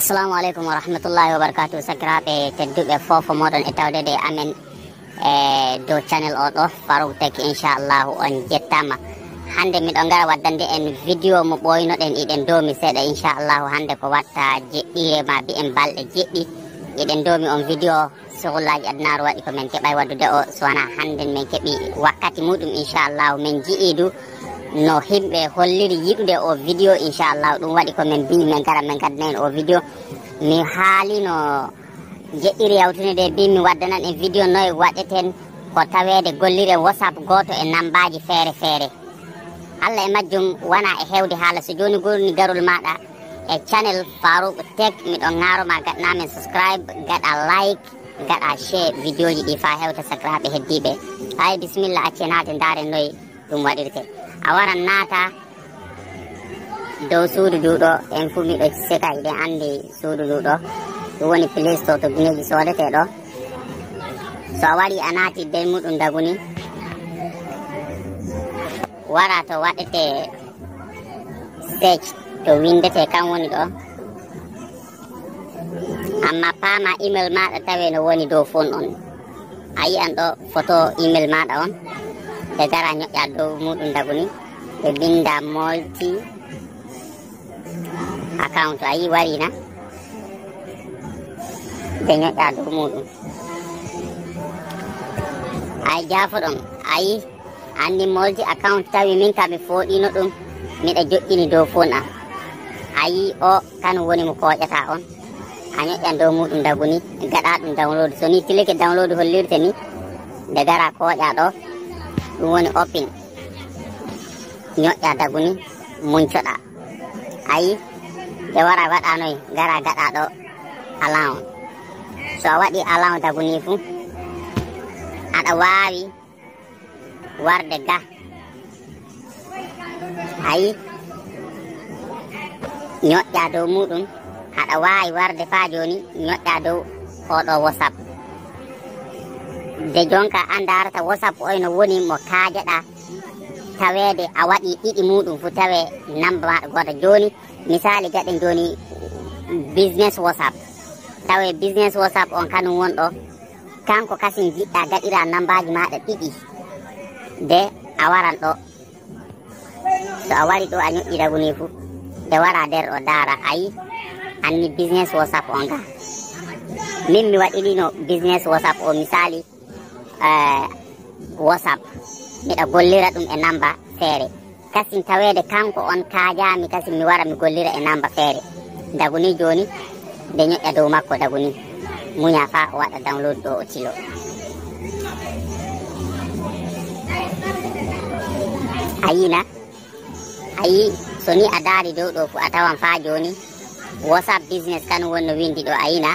Assalamualaikum warahmatullahi wabarakatuh. rahmatullahi wa barakatuh for tedduɓe fofo moɗon e tawdede amen e do channel o baru farouk insyaallah inchallahu on jettama hande miɗo watan waddande en video mo iden do dowmi seeɗa inchallahu hande ko watta e ma en balɗe jeɗɗi eɗen domi on vidéo sohlaji adnaru waɗi komin keɓay waddude o sowona hande min keeɓi wakkati muɗum inchallahu min jiiɗu no himɓe holliri yiɗude o vidéo inchallahu ɗum waɗi komin bi min gara min gaddanen o vidéo mi haali no jeɗɗiri yawtunede mbi mi waddanan en vidéo noye waɗeten ko tawede gollire wasap goto e nambaji feere feere allah e majjum wona e hewde haala so joni gorni garol maɗa e channel farouk tek miɗo garoma gaɗanamin subscribe gaɗa like gaɗa share vidéo ji ɗi fa hewta sakiraɓe heddiɓe hay bisimilla acce naate daren noyi ɗum waɗirte a wara naata dow suudu duɗo en fu miɗo sika iɗen andi suudu duɗo ɗum woni place to to guineji sodete ɗo so a wari a naati be muɗum daguni wara to waɗete stage to windete kan woni ɗo amma pama email maɗa tawe no woni dow fon on a yi'an ɗo photo email maɗa on ɓe gara ñoƴƴa dow muɗum daguni ɓe binda molti account a yi warina ɓe ñoƴƴa dow muɗum ay jafo ɗon ayi andi molti account tawi min kam mi foɗino ɗum miɗa joƴƴini dow fon am ayi o kan woni mo koƴata on hanya en do mu dum ni gada dum download so ni ke download hollirte ni de gara koƴa ɗo dum woni open ñoƴƴa dagu ni ayi de wara wada noy gara gada do alaw so wadi waɗi alaw dagu fu ada wawi warde ga ayi ñoƴƴa dow muɗum haɗa wawi warde fa joni ñoƴƴa dow oɗo wosap de jonka andarata wosap oyno wonimo kajeɗa tawede a waɗi ɗiɗi muɗum fo tawe namba maɗa goɗa joni misali gaɗen joni business wosap tawe business wosap on kanum wonɗo kanko kasin jiɗɗa gaɗira nambaji maɗa ɗiɗi de a waran ɗo so a wari ɗo a ñoƴƴira woni fof ɓe wara nder o daara ayi anni business wasap o nga min mi waɗirino business wasap o misali eh, wasap miɗa gollira ɗum e namba feere kasin tawede kanko on kajami kasin mi wara mi gollira e namba feere daguni joni nde ñoƴƴa dow makko daguni muña fa o waɗa download ɗo o tilo ayina ayi so ni a do dow fu a tawan fa joni whatsapp business kan wonno windi do ayina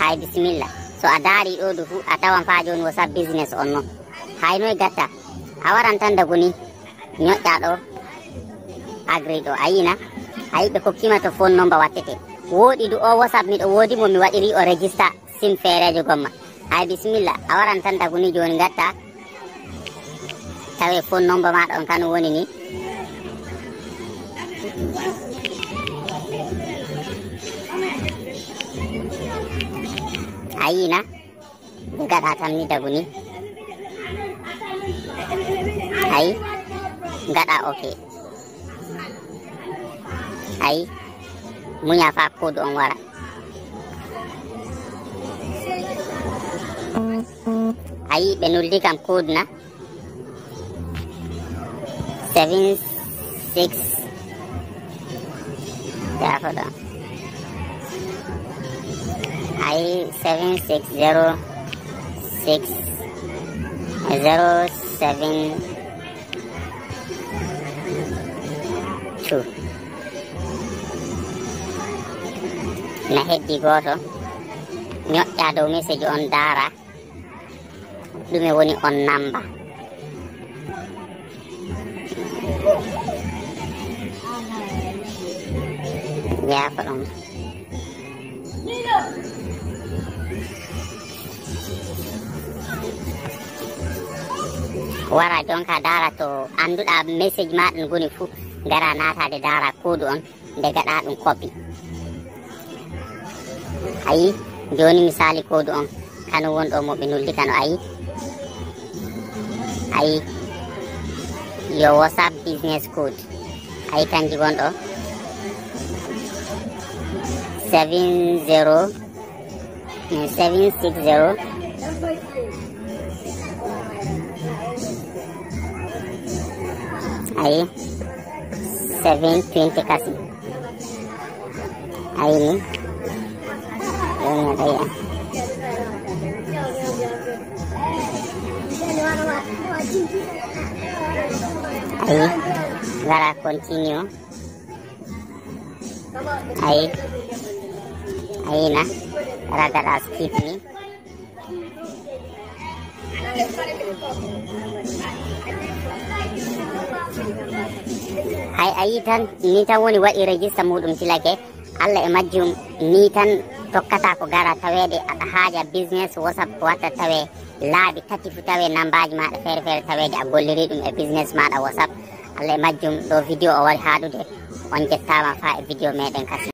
hay Bismillah, so adari daari do du fu a tawan fa joni whatsapp business on noon hay noye gatta a waran tan dago ni ñoƴƴa do agri do ayina be ko kima to phone number watete wodi do o whatsapp do wodi mo mi waɗiri o register sim feerejo gomma hay Bismillah, a waran tan da guni joni gatta tawe phone nomba maɗa kan woni ni a yina gaɗa tan mi dagu ni ayi gaɗa oke ayi muña fa kodu on wara ayi ɓe nulli kam kodu na 7 6 क्या पता आई seven six zero six zero seven two Naheji goto nyoƴƴa dow message on woni on namba yaafa ɗum wara jonka dara to annduɗa message maɗum goni fuu gara natade dara kuudu on nde gaɗa ɗum koɓɓi ayi joni misali kuudu on kanu wonɗo mo ɓe nullitano ayi ayi yo whatsapp business code ayi kanji gonɗo seven zero and zero. Aí, seven twenty assim. Aí, né? aí. Aí, agora continua. ayi ayi na rada ɗa skip ni ay ayi tan ni tan woni waɗi registre muɗum tilake allah e majjum ni tan tokkata ko gara taweede aɗa haaja business wosa watta tawe laaɓi tati fu tawe nambaji maɗa feere feere taweede a golliri ɗum e business maɗa wasap allah e majjum ɗo vidéo o wawi haɗude on jettama fa video vidéo meɗen kasi